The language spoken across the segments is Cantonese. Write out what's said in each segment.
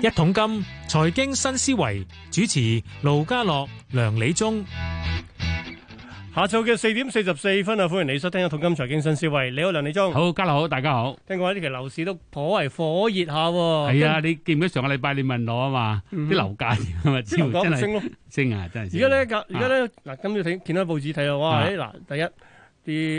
一桶金財經新思維主持盧家樂梁理中，下晝嘅四點四十四分啊！歡迎你收聽《一桶金財經新思維》，你好，梁理中。好，家樂好，大家好。聽講呢期樓市都頗為火熱下。係啊，你記唔記得上個禮拜你問我啊嘛？啲樓價係咪？升唔升？升咯，升啊！真係。而家咧，而家咧，嗱，今朝睇見到報紙睇到哇！嗱，第一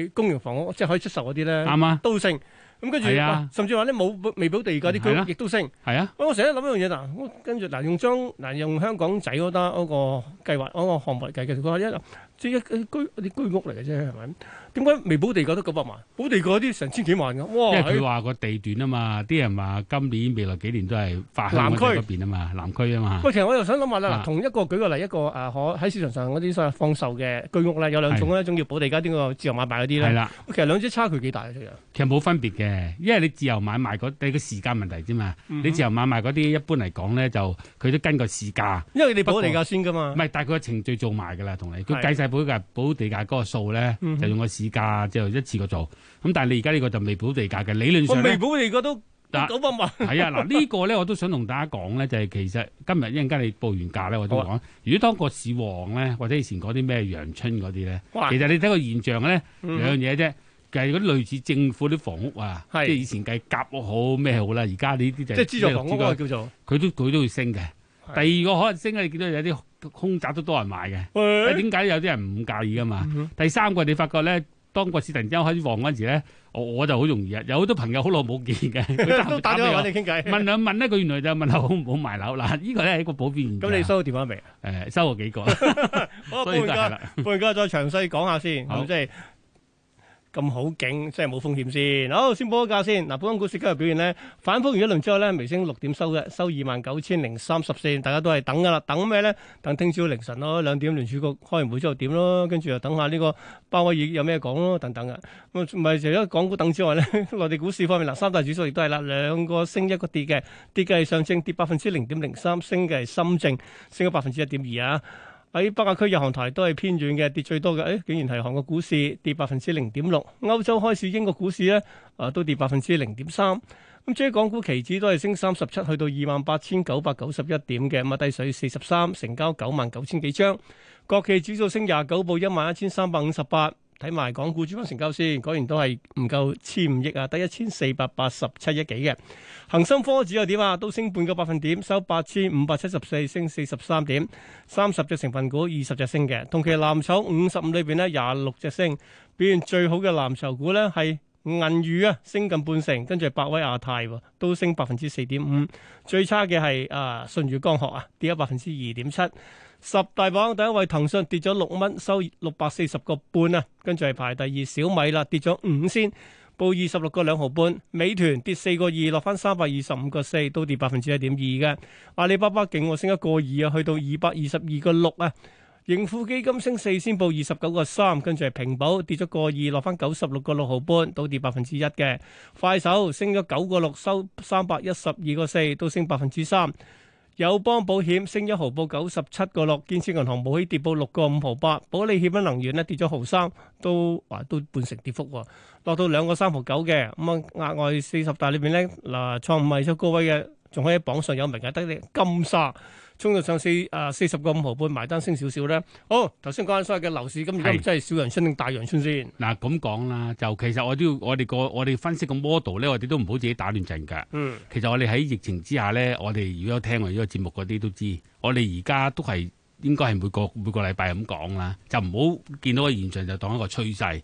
啲公營房屋即係可以出售嗰啲咧，啱啊，都升。咁、嗯、跟住、啊、甚至話咧，冇未保地價啲區亦都升。啊嗯、我成日都諗一樣嘢，嗱，跟住嗱、啊、用張嗱、啊、用香港仔嗰單嗰個計劃嗰、嗰個項目嚟計嘅，我話一。即一居啲居屋嚟嘅啫，係咪？點解未補地價都九百萬，補地價啲成千幾萬嘅？因為佢話個地段啊嘛，啲人話今年未來幾年都係發。南區。邊啊嘛，南區啊嘛。喂，其實我又想諗下啦，嗱、啊，同一個舉個例，一個誒可喺市場上嗰啲所謂放售嘅居屋咧，有兩種啦，一種叫補地價啲、個自由買賣嗰啲咧。係啦。其實兩者差距幾大其實。冇分別嘅，因為你自由買賣嗰、嗰個、你個時間問題啫嘛、嗯。你自由買賣嗰啲一般嚟講咧，就佢都根據市價。因為你補地價先㗎嘛。唔係，但佢個程序做埋㗎啦，同你佢計曬保價保地價嗰個數咧，就用個市價就一次過做。咁但係你而家呢個就未補地價嘅，理論上未補地個都九百萬。係 啊，嗱、這個、呢個咧我都想同大家講咧，就係、是、其實今日一陣間你報完價咧，我都講、啊，如果當個市旺咧，或者以前嗰啲咩陽春嗰啲咧，其實你睇個現象咧，兩樣嘢啫。就係嗰啲類似政府啲房屋啊，即係以前計夾屋好咩好啦。而家呢啲就是、即係資助房屋、啊，資助叫做佢都佢都會升嘅。第二個可能升，你見到有啲空宅都多人買嘅。誒，點解有啲人唔介意噶嘛，嗯？第三個你發覺咧，當個市突然間開始旺嗰陣時咧，我我就好容易啊！有好多朋友好耐冇見嘅， 都打咗嚟揾我傾偈。問兩問咧，佢原來就問下好唔好賣樓嗱？呢，這個咧係一個普遍。咁你收咗電話？未？誒，嗯，收咗幾個啊？ 好，半家，家再詳細講一下先。即係。是咁好景真係冇風險先，好先報個價先。嗱，本港股市今日表現咧，反覆完一輪之後咧，微升六點收嘅，收二萬九千零三十四。大家都係等㗎啦，等咩咧？等聽朝凌晨咯，兩點聯儲局開完會之後點咯，跟住又等下呢個鮑威爾有咩講咯，等等嘅。咁咪除咗港股等之外咧，內地股市方面嗱，三大指數亦都係啦，兩個升一個跌嘅，跌嘅係上證，跌百分之零點零三，升嘅係深證升咗百分之一點二啊。喺北亞區日韓台都係偏軟嘅，跌最多嘅，誒、哎，竟然係韓國股市跌百分之零點六，歐洲開市，英國股市咧，啊，都跌百分之零點三，咁至於港股期指都係升三十七，去到二萬八千九百九十一點嘅，咁啊，低水四十三，成交九萬九千幾張，國企指數升廿九報，一萬一千三百五十八。睇埋港股主板成交先，果然都係唔夠千五億啊，得一千四百八十七億幾嘅。恒生科指又點啊？都升半個百分點，收八千五百七十四，升四十三點。三十隻成分股，二十隻升嘅。同期藍籌五十五裏邊呢，廿六隻升，表現最好嘅藍籌股呢，係銀娛啊，升近半成，跟住百威亞太，都升百分之四點五。最差嘅係啊，舜宇光學啊，跌咗百分之二點七。十大榜第一位騰訊跌咗六蚊，收六百四十個半啊，跟住係排第二小米啦，跌咗五先，報二十六個兩毫半。美團跌四個二，落翻三百二十五個四，都跌百分之一點二嘅。阿里巴巴勁喎升一個二啊，去到二百二十二個六啊。盈富基金升四先，報二十九個三，跟住係平保跌咗個二，落翻九十六個六毫半，都跌百分之一嘅。快手升咗九個六，收三百一十二個四，都升百分之三。友邦保險升咗毫，報九十七個六；建設銀行保險跌報六個五毫八；保利協鑫能源咧跌咗毫三，都啊都半成跌幅喎，落到兩個三毫九嘅。咁啊，額外四十大裏邊咧，嗱創五位出高位嘅，仲可以榜上有名嘅，得啲金沙。衝到上四啊四十個五毫半埋單升少少咧，好頭先講緊所謂嘅樓市，咁而家真係小陽春定大陽春先？嗱咁講啦，就其實我都要我哋個我哋分析個 model 咧，我哋都唔好自己打亂陣㗎。其實我哋喺疫情之下咧，我哋如果聽我呢個節目嗰啲都知，我哋而家都係。應該係每個每個禮拜咁講啦，就唔好見到個現象就當一個趨勢，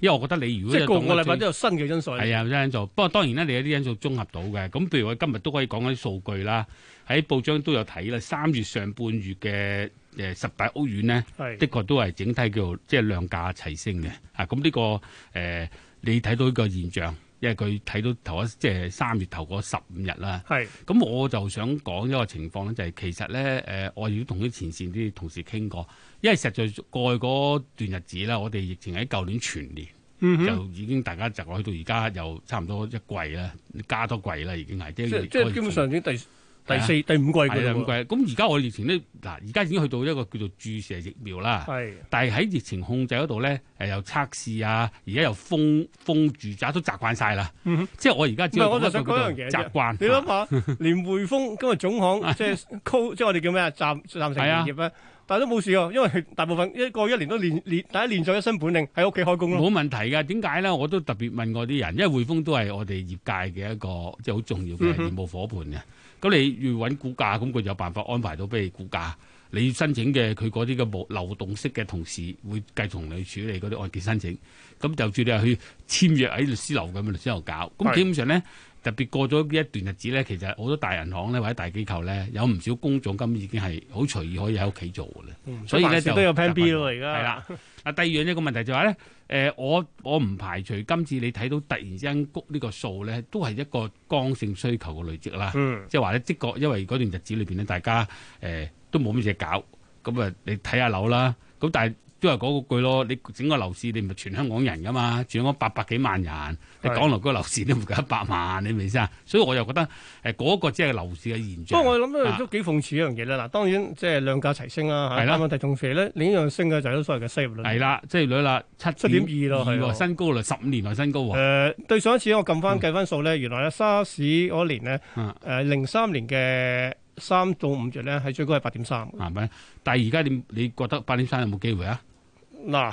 因為我覺得你如果即係個個禮拜都有新嘅因素，係啊，有新因素。不過當然咧，你有啲因素綜合到嘅。咁譬如我今日都可以講緊啲數據啦，喺報章都有睇啦。三月上半月嘅誒、呃、十大屋苑咧，的確都係整體叫做即係量價齊升嘅。啊，咁呢、呢個誒、呃、你睇到呢個現象。因為佢睇到頭一即係三月頭嗰十五日啦，咁我就想講一個情況咧，就係、是、其實咧誒，我亦都同啲前線啲同事傾過，因為實在過去嗰段日子啦，我哋疫情喺舊年全年、嗯、就已經大家就去到而家又差唔多一季啦，加多季啦已經係即係即係基本上已經第。第四、啊、第五季第五季。咁，而家我哋疫情呢，嗱，而家已經去到一個叫做注射疫苗啦。係、啊，但係喺疫情控制嗰度咧，誒又測試啊，而家又封封住宅都習慣晒啦、嗯。即係我而家我就想講樣嘢。習慣。你諗下， 連匯豐今日總行、就是、 即係即係我哋叫咩暫暫時停業啦。但都冇事啊，因為大部分一個一年都練練，大家練咗一身本領，喺屋企開工咯。冇問題㗎，點解咧？我都特別問過啲人，因為匯豐都係我哋業界嘅一個即係好重要嘅業務伙伴嘅。咁、嗯、你要揾估價，咁佢有辦法安排到俾你估價。你申請嘅佢嗰啲嘅冇流動式嘅同事會繼續同你處理嗰啲案件申請。咁就住你去簽約喺律師樓，咁律師樓搞。咁基本上咧。特別過咗呢一段日子咧，其實好多大銀行咧或者大機構咧，有唔少工種金已經係好隨意可以喺屋企做嘅咧、嗯，所以咧就也都有 plan B 咯，而家係啦。啊， 第二樣一個問題就係、是、咧，誒、呃，我我唔排除今次你睇到突然之間谷呢個數咧，都係一個剛性需求嘅累積啦，即係話咧，即、就、覺、是、因為嗰段日子裏邊咧，大家誒、呃、都冇乜嘢搞咁啊，你睇下樓啦，咁但係。都係嗰句咯，你整個樓市你咪全香港人噶嘛，住咗八百幾萬人，你講落個樓市都唔夠一百萬，你明唔明意思啊？所以我又覺得誒嗰、呃那個即係樓市嘅現象。不過我諗都都幾諷刺的一樣嘢咧。嗱，當然即係量價齊升啦。係、啊、啦，問題仲肥咧，另一樣升嘅就係所謂嘅失業率。係啦，即係率啦，七點二咯，係啊，新高嚟，十五年內新高喎。誒、呃，對上一次我撳翻計分數咧、哦，原來咧沙士嗰年，、呃、年呢，誒零三年嘅三到五月咧係最高係八點三。啊咪，但係而家你你覺得八點三有冇機會啊？嗱，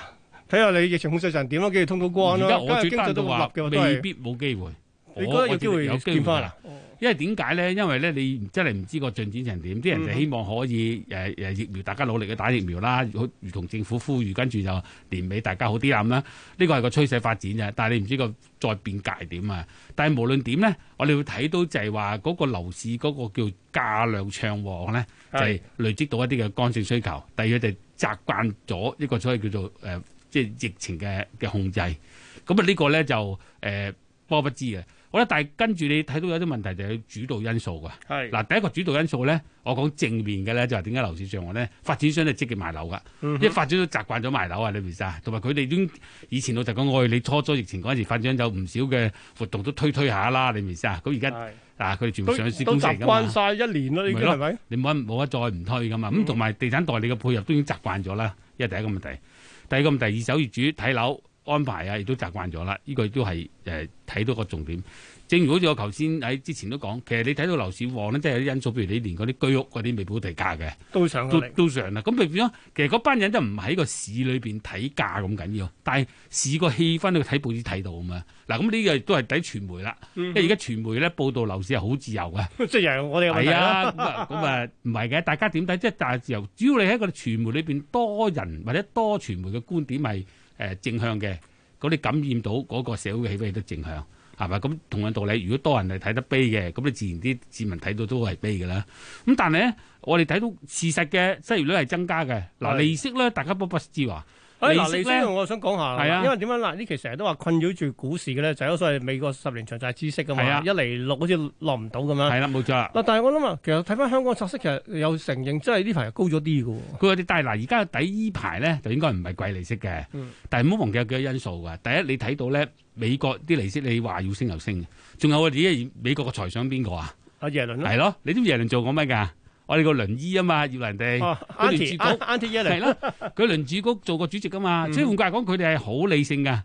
睇下你疫情控制上點咯，跟住通到關咯。而家我最擔心都立話都未必冇機會。而家有機會見翻啦，因為點解咧？因為咧，你真係唔知個進展成點。啲、哦、人就希望可以誒誒、呃、疫苗，大家努力去打疫苗啦、嗯。如同政府呼籲，跟住就年尾大家好啲咁啦。呢、這個係個趨勢發展啫，但係你唔知個再變界點啊！但係無論點咧，我哋會睇到就係話嗰個樓市嗰、那個叫價量暢旺咧，就係、是、累積到一啲嘅剛性需求。第二佢、就、哋、是。習慣咗一個所謂叫做呃、即係、疫情嘅嘅控制，咁啊呢個咧就、呃、波不知嘅。我咧，但係跟住你睇到有啲問題，就係主導因素噶。係嗱，第一個主導因素咧，我講正面嘅咧，就係點解樓市上行咧？發展商咧積極賣樓噶，嗯，因為發展都習慣咗賣樓啊，你明唔明啊？同埋佢哋已經以前老實講，愛理初初疫情嗰陣時，發展有唔少嘅活動都推推下啦，你明唔明啊？咁而家嗱，佢哋全部上市公司噶嘛。都習慣曬一年啦，係咪、係咪？你冇得冇得再唔推噶嘛？咁同埋地產代理嘅配合都已經習慣咗啦，依係第一個問題。第二個問題，二手業主睇樓安排啊，亦都習慣咗啦。呢個亦都係誒睇到個重點。正如好似我頭先喺之前都講，其實你睇到樓市旺咧，即係有啲因素，譬如你連嗰啲居屋嗰啲未補地價嘅都上咗嚟，都上啦。咁咪變咗，其實嗰班人都唔喺個市裏邊睇價咁緊要，但係市個氣氛都睇報紙睇到啊嘛。嗱，咁呢個都係睇傳媒啦。因為而家傳媒咧報道樓市係好自由嘅，即係我哋話係啊。咁啊唔係嘅，大家點睇？即係自由，主要你喺個傳媒裏邊多人或者多傳媒嘅觀點咪。誒正向嘅，嗰啲感染到嗰個社會嘅氣氛亦都正向，係咪？咁同樣道理，如果多人係睇得悲嘅，咁你自然啲市民睇到都係悲㗎啦。咁但係咧，我哋睇到事實嘅失業率係增加嘅，嗱，利息咧，大家不不知話。誒，嗱、哎，利息呢我想講下，係啊，因為點樣嗱，呢期成日都話困擾住股市嘅咧，就係所謂美國十年長債孳息噶嘛，啊、一嚟落好似落唔到咁樣，係啦、啊，冇錯。嗱，但係我諗啊，其實睇翻香港拆息，其實有承認真係呢排高咗啲噶。高咗啲，但係嗱，而家底依排呢排咧就應該唔係貴利息嘅、嗯，但係唔好忘記有幾多因素噶。第一，你睇到咧，美國啲利息你話要升又升，仲有我哋美國嘅財長邊個啊？阿、啊、耶倫係咯，你知唔知耶倫做過咩噶？我哋個輪椅啊嘛，要人哋佢輪治安係佢輪治局做過主席噶嘛，即係換句話講，佢哋係好理性噶，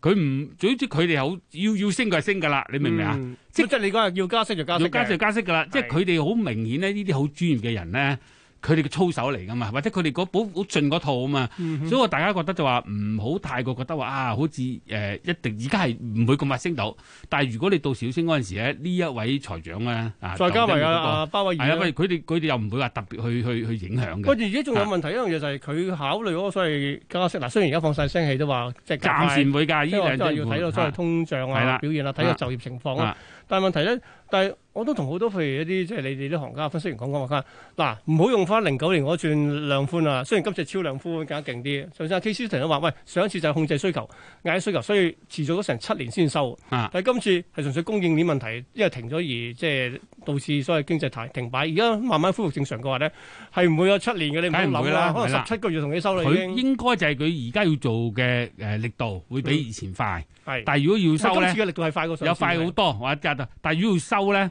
佢唔總之佢哋好要要升就升噶啦，你明唔明啊？即係你講要加息就加息，要加息就加息噶啦，即係佢哋好明顯咧，專呢啲好專業嘅人咧。佢哋嘅操守嚟噶嘛，或者佢哋嗰保好盡嗰套啊嘛、嗯，所以我大家覺得就話唔好太過覺得話啊，好似、呃、一定而家係唔會咁快升到，但係如果你到小升嗰陣時咧，呢一位財長咧啊，再加埋啊，鮑威爾，係佢哋佢哋又唔會話特別去去去影響嘅。不如而家仲有問題、啊、一樣嘢就係佢考慮嗰所謂加息啦，雖然而家放晒聲氣都話暫時唔會㗎，呢樣嘢要睇到，所謂通脹啊，啊啊表現啦、啊，睇下就業情況、啊啊啊但係問題咧，但係我都同好多譬如一啲即係你哋啲行家分析員講講話啦。嗱，唔好用翻零九年嗰轉量寬啊。雖然今次超量寬更加，加勁啲。上次啊，K C 都成日話，喂，上一次就係控制需求，嗌需求，所以持續咗成七年先收。啊、但係今次係純粹供應鏈問題，因為停咗而即係導致所謂經濟停停擺。而家慢慢恢復正常嘅話咧，係唔會有七年嘅。你唔好諗啦，可能十七個月同收你收啦。佢應該就係佢而家要做嘅誒力度會比以前快。嗯。係，但係如果要收咧，今次嘅力度係快有快好多，哇！但係如果要收咧，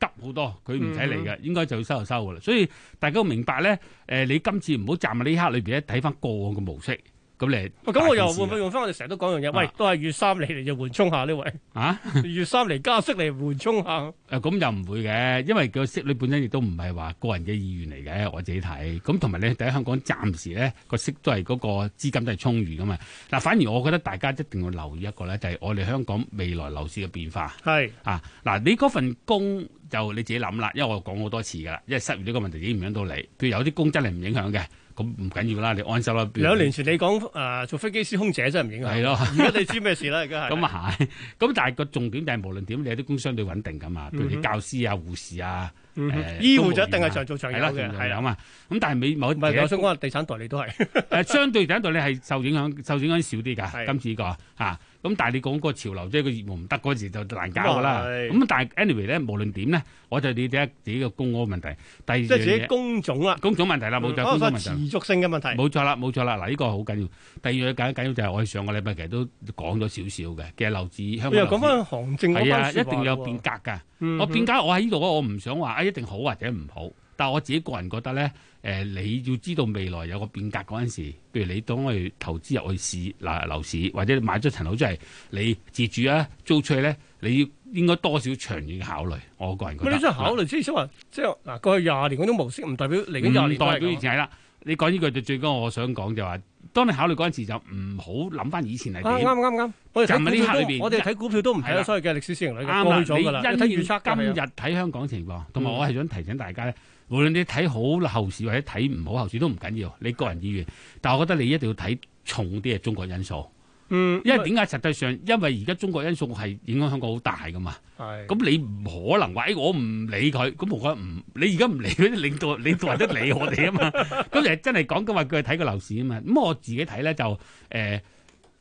急好多，佢唔使嚟嘅，應該就要收就收噶啦。所以大家都明白咧，誒、呃，你今次唔好站喺呢一刻裏邊咧，睇翻過往嘅模式。咁、啊、我又會唔會用翻我哋成日都講樣嘢？喂，都係月三嚟你就緩衝下呢位啊， 月三嚟加息嚟緩衝下。誒、啊，咁又唔會嘅，因為個息你本身亦都唔係話個人嘅意願嚟嘅。我自己睇，咁同埋你睇香港暫時咧個息都係嗰個資金都係充裕㗎嘛。嗱、啊，反而我覺得大家一定要留意一個咧，就係、是、我哋香港未來樓市嘅變化。係啊，嗱、啊，你嗰份工。就你自己諗啦，因為我講好多次噶啦，因為失業呢個問題已經影響到你。譬如有啲工真係唔影響嘅，咁唔緊要啦，你安心啦。兩年前你講誒、呃、做飛機師空姐真係唔影響。係咯、 嗯。你知咩事啦？而家係。咁咁但係個重點就係無論點，你有啲工相對穩定㗎嘛，譬如你教師啊、護士啊、嗯、啊醫護就一定係長做長有嘅，係啦嘛。咁但係美某我想講，地產代理都係。 相對地產代理係受影響，受影響少啲㗎。今次、呢個嚇。啊咁、嗯、但係你講個潮流即係個業務唔得嗰時就難搞啦。咁但係 anyway 咧，無論點咧，我就你睇下自己嘅公屋問題，第二即係自己工種啦、啊，工種問題啦，冇、嗯、錯，啊工種問題嗯、持續性嘅問題，冇錯啦，冇錯啦。嗱、這、呢個好緊要。第二樣緊緊要就係我哋上個禮拜其實都講咗少少嘅，其實樓市香港，你又講翻行政，係啊，一定有變革㗎、嗯。我變革，我喺呢度，我唔想話啊，一定好或者唔好。但係我自己個人覺得咧，誒、呃、你要知道未來有個變革嗰陣時，譬如你當去投資入去市嗱樓市，或者買咗層樓，即係你自住啊、租出去咧，你要應該多少長遠的考慮。我個人覺得，你真係考慮即係即係即係嗱過去廿年嗰種模式唔代表零廿年的，唔代表嘅啦。你講呢句最最緊，我想講就話、是，當你考慮嗰陣時候就唔好諗翻以前係點。啱啱啱，我哋睇股票都唔係啊，所謂嘅歷史線型嚟嘅，過咗啦。你睇預測今日睇香港情況，同、嗯、埋我係想提醒大家咧。無論你睇好後市或者睇唔好後市都唔緊要，你個人意願。但係我覺得你一定要睇重啲嘅中國因素，嗯，因為點解？實際上，因為而家中國因素係影響香港好大噶嘛。係咁、欸，你唔可能話誒，我唔理佢，咁冇可能。你而家唔理嗰啲領導，領導人都理我哋啊嘛。咁其實真係講今日佢係睇個樓市啊嘛。咁我自己睇咧就誒。欸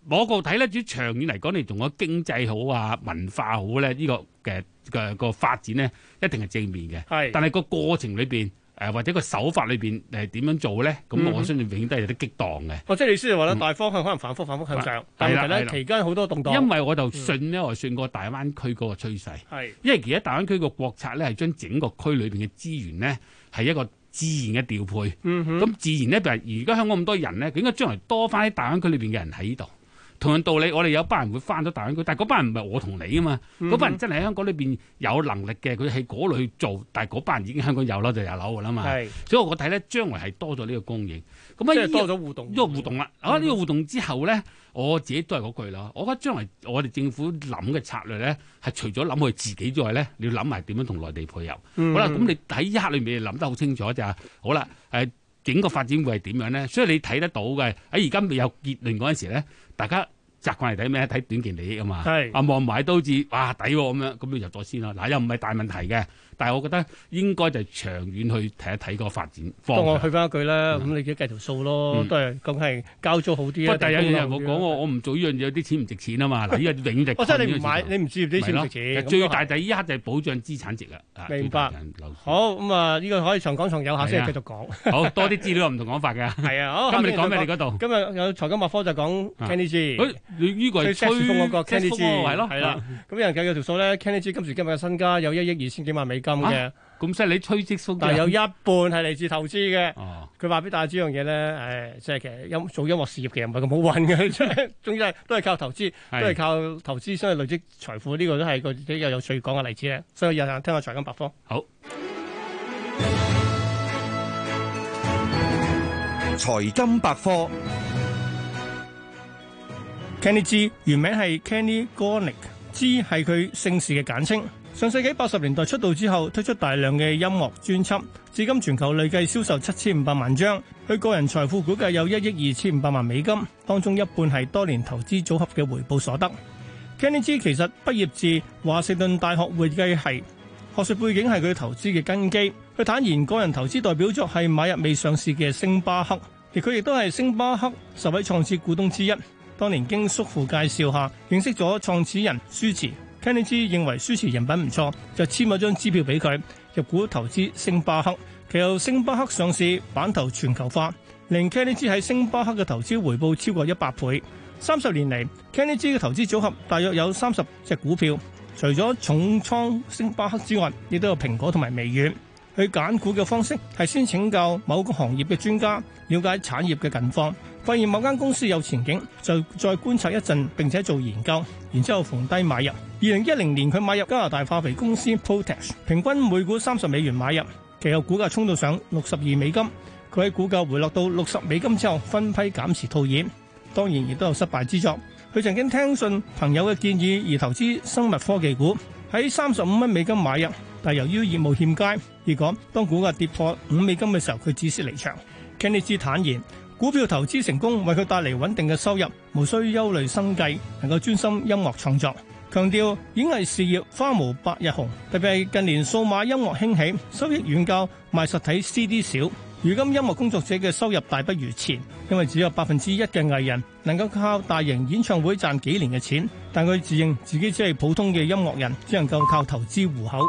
我個睇咧，主要長遠嚟講，你同個經濟好啊、文化好咧，呢、這個嘅嘅個發展呢，一定係正面嘅。係，但係個過程裏邊，誒、呃、或者個手法裏邊，誒、呃、點樣做咧？咁我相信永遠都係有啲激盪嘅、嗯。哦，即係你先係話咧，大方向可能反覆反覆向上、嗯，但係咧期間好多動盪、嗯。因為我就信呢、嗯，我係信個大灣區嗰個趨勢。係，因為而家大灣區個國策咧，係將整個區裏邊嘅資源咧，係一個自然嘅調配。咁、嗯、自然咧譬如而家香港咁多人咧，佢應該將來多翻啲大灣區裏邊嘅人喺呢度。同樣道理，我哋有一班人會翻咗大灣區，但係嗰班人唔係我同你啊嘛。嗰、嗯、班人真係喺香港裏面有能力嘅，佢喺嗰度去做，但係嗰班人已經在香港有啦，就有樓㗎啦嘛。所以我呢，我睇咧將來係多咗呢個供應。咁啊，呢個互動啦、嗯，啊呢、呢個互動之後咧，我自己都係嗰句啦。我覺得將來我哋政府諗嘅策略咧，係除咗諗佢自己之外咧，你要諗埋點樣同內地配合。嗯、好啦，咁你喺一刻裏面諗得好清楚就係好啦，誒、呃。整個發展會係點樣咧？所以你睇得到嘅喺而家未有結論嗰陣時咧，大家習慣嚟睇咩？睇短期利益啊嘛。啊望埋都似，哇抵咁樣，咁你入咗先啦。嗱，又唔係大問題嘅。但係我覺得應該就係長遠去睇一睇個發展方向。幫我去翻一句啦。咁、嗯、你而家計條數咯，都係咁係交租好啲。但係有啲我講我我唔做依樣嘢，有啲錢唔值錢啊嘛。嗱、 哦，呢個永遠值。我真係你唔買，你唔注意啲錢唔值錢。最大第一刻就係保障資產值啊。明白。好咁啊，呢個可以長講長有下先繼續講、啊。好多啲資料唔同講法嘅。係 啊，今日你講咩？你嗰度？今日有財經百科，就講 c a n a y s 你、這、呢個係吹,吹,吹風嗰個 Kenny G 係咯，係啦。咁有、嗯、人計有條數咧 Kenny G 今時今日嘅身家有一億二千幾萬美金嘅。咁即係你吹積但係有一半係嚟自投資嘅。佢話俾大家知樣嘢咧，誒、哎，即係其實音做音樂事業其實唔係咁好運嘅，即係，總之係都係靠投資，是都係靠投資先去累積財富。呢、這個都係個又有趣講嘅例子咧。所以有眼聽下財金百科。好。財金百科。Kenny G 原名係 Kenny Gornick，G 係佢姓氏嘅簡稱。上世紀八十年代出道之後，推出大量嘅音樂專輯，至今全球累計銷售七千五百萬張。佢個人財富估計有一億二千五百萬美金，當中一半係多年投資組合嘅回報所得。Kenny G 其實畢業自華盛頓大學會計系，學術背景係佢投資嘅根基。佢坦言個人投資代表作係買入未上市嘅星巴克，而佢亦都係星巴克十位創始股東之一。當年經叔父介紹下認識咗創始人舒淇。k e n n y z 認為舒淇人品唔錯，就簽一張支票俾佢入股投資星巴克。其後星巴克上市，板頭全球化，令 k e n n y z 喺星巴克嘅投資回報超過一百倍。三十年嚟 k e n n y z 嘅投資組合大約有三十隻股票，除咗重倉星巴克之外，亦都有蘋果同埋微軟。佢揀股嘅方式係先請教某個行業嘅專家，了解產業嘅近況。發現某間公司有前景，就再觀察一陣，並且做研究，然之後逢低買入。二零一零年佢買入加拿大化肥公司 Potash，平均每股三十美元買入，其後股價衝到上六十二美金。佢喺股價回落到六十美金之後分批減持套現，當然亦都有失敗之作。佢曾經聽信朋友嘅建議而投資生物科技股，喺三十五蚊美金買入，但由於業務欠佳，結果當股價跌破五美金嘅時候，佢只識離場。Kennis 坦言。股票投資成功，為佢帶嚟穩定嘅收入，無需憂慮生計，能夠專心音樂創作。強調演藝事業花無百日紅，特別係近年數碼音樂興起，收益遠較賣實體 CD 少。如今音樂工作者嘅收入大不如前，因為只有百分之一嘅藝人能夠靠大型演唱會賺幾年嘅錢，但佢自認自己只係普通嘅音樂人，只能夠靠投資糊口。